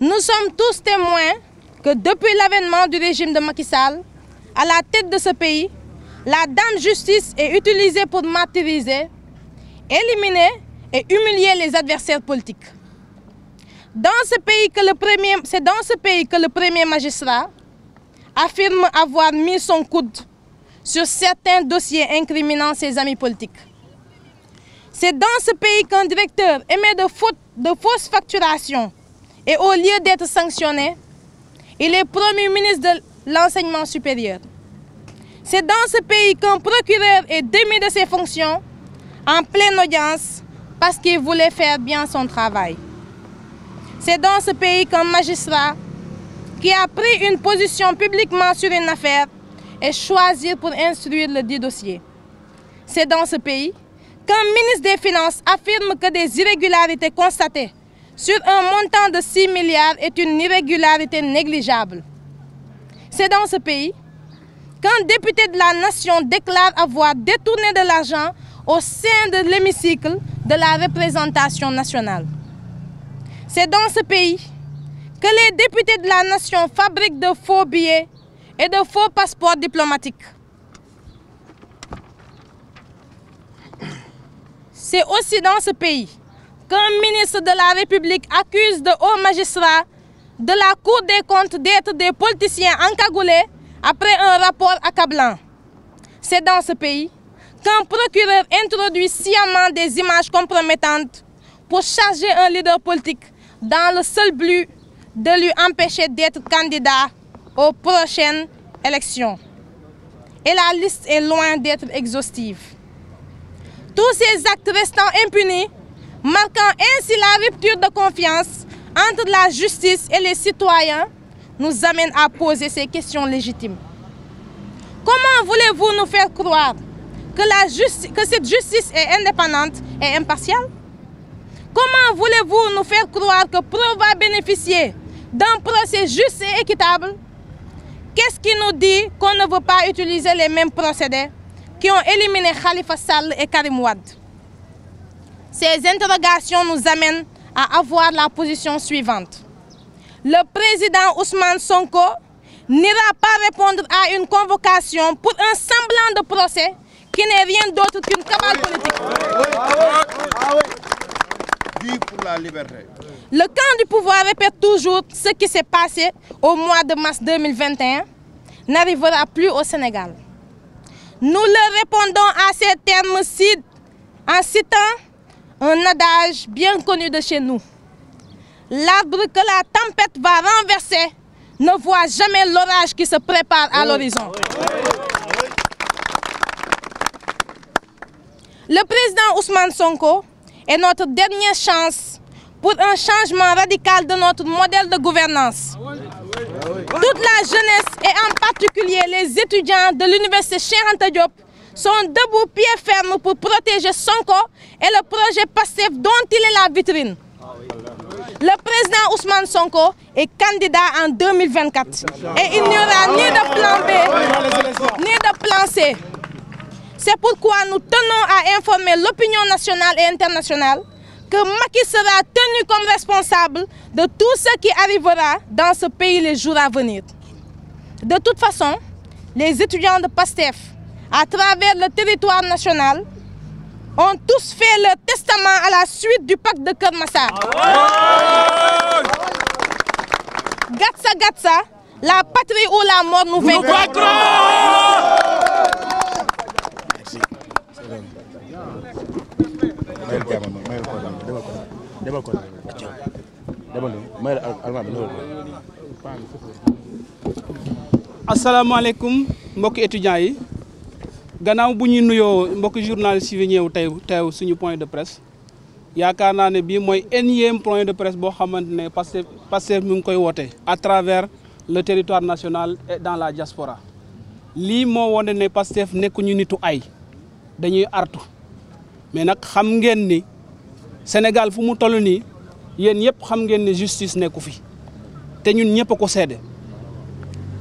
Nous sommes tous témoins que depuis l'avènement du régime de Macky à la tête de ce pays, la dame justice est utilisée pour martyriser, éliminer et humilier les adversaires politiques. Dans ce pays que le premier, c'est dans ce pays que le premier magistrat affirme avoir mis son coude sur certains dossiers incriminant ses amis politiques. C'est dans ce pays qu'un directeur émet de, faute, de fausses facturations Et au lieu d'être sanctionné, il est Premier ministre de l'enseignement supérieur. C'est dans ce pays qu'un procureur est démis de ses fonctions en pleine audience parce qu'il voulait faire bien son travail. C'est dans ce pays qu'un magistrat qui a pris une position publiquement sur une affaire est choisi pour instruire le dit dossier. C'est dans ce pays qu'un ministre des Finances affirme que des irrégularités constatées sur un montant de 6 milliards est une irrégularité négligeable. C'est dans ce pays qu'un député de la nation déclare avoir détourné de l'argent au sein de l'hémicycle de la représentation nationale. C'est dans ce pays que les députés de la nation fabriquent de faux billets et de faux passeports diplomatiques. C'est aussi dans ce pays qu'un ministre de la République accuse de hauts magistrats de la Cour de comptes d'être des politiciens encagoulés après un rapport accablant. C'est dans ce pays qu'un procureur introduit sciemment des images compromettantes pour charger un leader politique dans le seul but de lui empêcher d'être candidat aux prochaines élections. Et la liste est loin d'être exhaustive. Tous ces actes restant impunis marquant ainsi la rupture de confiance entre la justice et les citoyens, nous amène à poser ces questions légitimes. Comment voulez-vous nous faire croire que, la justice, que cette justice est indépendante et impartiale Comment voulez-vous nous faire croire que Pro va bénéficier d'un procès juste et équitable Qu'est-ce qui nous dit qu'on ne veut pas utiliser les mêmes procédés qui ont éliminé Khalifa Sall et Karim Wade Ces interrogations nous amènent à avoir la position suivante. Le président Ousmane Sonko n'ira pas répondre à une convocation pour un semblant de procès qui n'est rien d'autre qu'une cabale politique. Le camp du pouvoir répète toujours ce qui s'est passé au mois de mars 2021 n'arrivera plus au Sénégal. Nous leur répondons à ces termes-ci en citant un adage bien connu de chez nous. L'arbre que la tempête va renverser ne voit jamais l'orage qui se prépare à l'horizon. Le président Ousmane Sonko est notre dernière chance pour un changement radical de notre modèle de gouvernance. Ah ah Toute la jeunesse et en particulier les étudiants de l'université Cheikh Anta sont debout pieds fermes le projet PASTEF dont il est la vitrine. Le président Ousmane Sonko est candidat en 2024 et il à informer l'opinion nationale et que Macky sera tenu comme responsable de tout les jours à venir. De façon, les étudiants de à travers le territoire national, ont tous fait leur testament à la suite du pacte de Kermassar. Gatsa Gatsa, la patrie ou la mort nous vaincra. asalaamaaleykum mbokki étudiants yi gannaaw bu ñuy nuyoo mbokk journaliste yi ñëw tey teew suñu point de presse yaakaar naa ne bii mooy énième point de presse boo xamante ne Pastef Pastef mu ngi koy woote à travers le territoire national dans la diaspora lii moo wane ne nekku ñu nitu ay dañuy artu mais nag xam ngeen ni Sénégal fu mu toll nii yéen yëpp xam ngeen ni justice nekku fi te ñun ñëpp a ko seede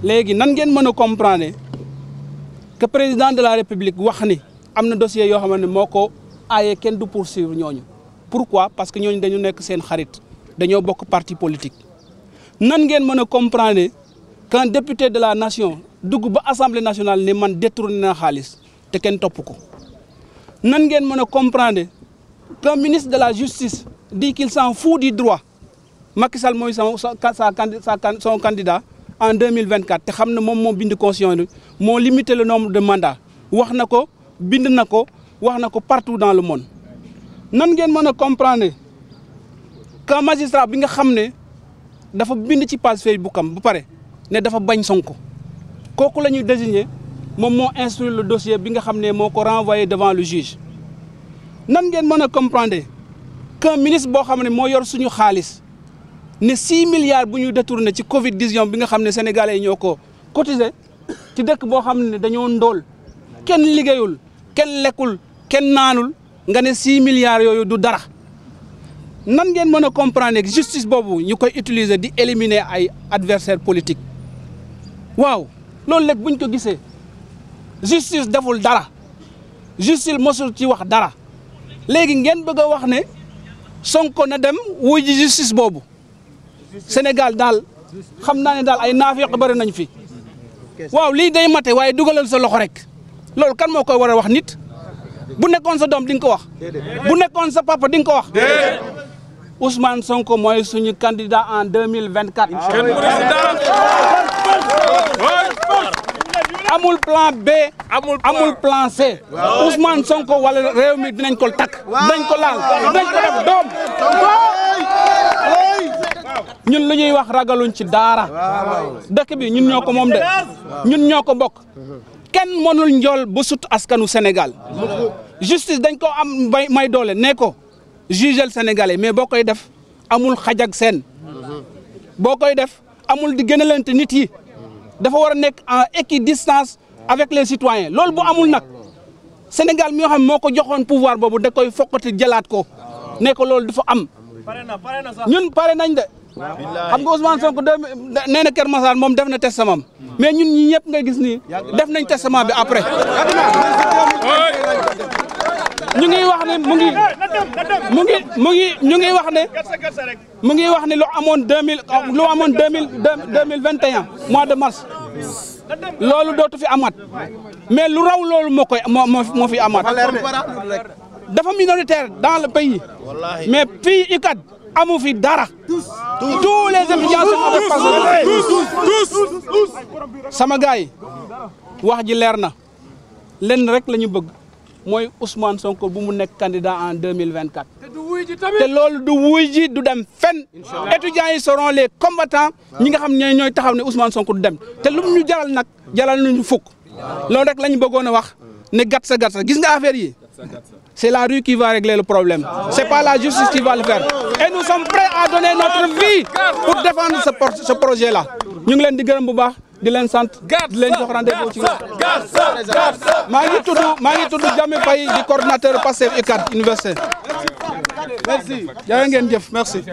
léegi nan ngeen mën a comprendre que président de la république wax ni am na dossier yoo xam ne moo ko aaye kenn du poursuivre ñooñu pourquoi parce que ñooñu dañu nekk seen xarit dañoo bokk parti politique nan ngeen mën a comprendre qu'un député de la nation dugg ba assemblée nationale ni man détourné naa xaalis te kenn topp ko nan ngeen mën a comprendre qu'un ministre de la justice dit qu'il s'en fout du droit Macky Sall mooy sa sa sa son candidat te xam na moom moo bind constitution moo limité le nombre de mandats wax na ko bind na ko wax na ko partout dans le monde nan ngeen mën a comprendre qu'un magistrat bi nga xam ne dafa bind ci page Facebook am ba pare ne dafa bañ Sonko kooku la ñuy désigner moom moo instruire le dossier bi nga xam ne moo ko renvoyé devant le juge nan ngeen mën a comprendre qu'un ministre boo xam ne moo yor suñu xaalis ne six milliards bu ñu ne ci Covid 19 bi nga xam ne sénégalais yi ñoo ko cotisé ci dëkk boo xam ne dañoo ndóol kenn liggéeyul kenn lekkul kenn naanul nga ne six milliards yooyu du dara nan ngeen mën a comprendre justice boobu ñu koy utiliser di éliminer ay adversaire politique waaw loolu lépp buñ ko gisee justice deful dara justice mosul ci wax dara léegi ngeen bëgg a wax ne Sonko na dem wuy ji justice boobu Sénégal daal xam naa ne daal ay naafiq bëri nañ fi waaw lii day mate waaye dugalal sa loxo rek loolu kan moo koy war a wax nit bu nekkoon sa doom di nga ko wax bu nekkoon sa papa di nga ko wax Ousmane Sonko mooy suñu candidat en 2024 ah, amul plan B amul plan C Ousmane Sonko wala réew mi dinañ ko takk dinañ ko laal dinañ ko def doom ñun lu ñuy wax ragaluñ ci daara dëkk bi ñun ñoo ko moom de ñun ñoo ko bokk kenn mënul njool ba sut askanu Sénégal justice dañ ko am may may doole ne ko jugel sénégalais mais boo koy def amul xaj seen boo koy def amul di gënalante nit yi dafa war a nekk en équidistance avec le citoyens loolu bu amul nag Sénégal mi nga xam moo ko joxoon pouvoir boobu da koy fokkati jëlaat ko nekko ko du fa am ñun pare nañ de xam nga Ousmane Sonko deux nee na Kër Massar moom def na testament mais ñun ñi ñëpp nga gis nii def nañ testament bi après ñu ngi wax ne mu ngi mu ngi mu ngi ñu ngi wax ne mu ngi wax ni lu amoon deux mille lu amoon deux mille deux mille vingt et un mois de mars loolu dootu fi amat mais lu raw loolu moo koy moo moo fi amaat dafa minoritaire dans le pays mais i UCAD amu fi dara tous les étudiants sont avec sama gars yi wax ji leer na lenn rek la ñu bëgg mooy Ousmane Sonko bu mu nekk candidat en 2024 te lool du wuy ji du dem fen étudiants yi seront les combattants ñi nga xam ne ñooy taxaw ne Ousmane Sonko du dem te lu mu ñu jaral nag jaral nañu fukk loolu rek la ñu bëggoon a wax ne gat sa gat sa gis nga affaire yi c'est la rue qui va régler le problème. C'est pas la justice qui va le faire. Et nous sommes prêts à donner notre vie pour défendre ce, ce projet-là. Nous sommes prêts di leen sant di leen jox rendez-vous ci maa ngi tudd maa ngi tudd Jami Faye di coordinateur Pastef UCAD université merci jaa ngeen jëf merci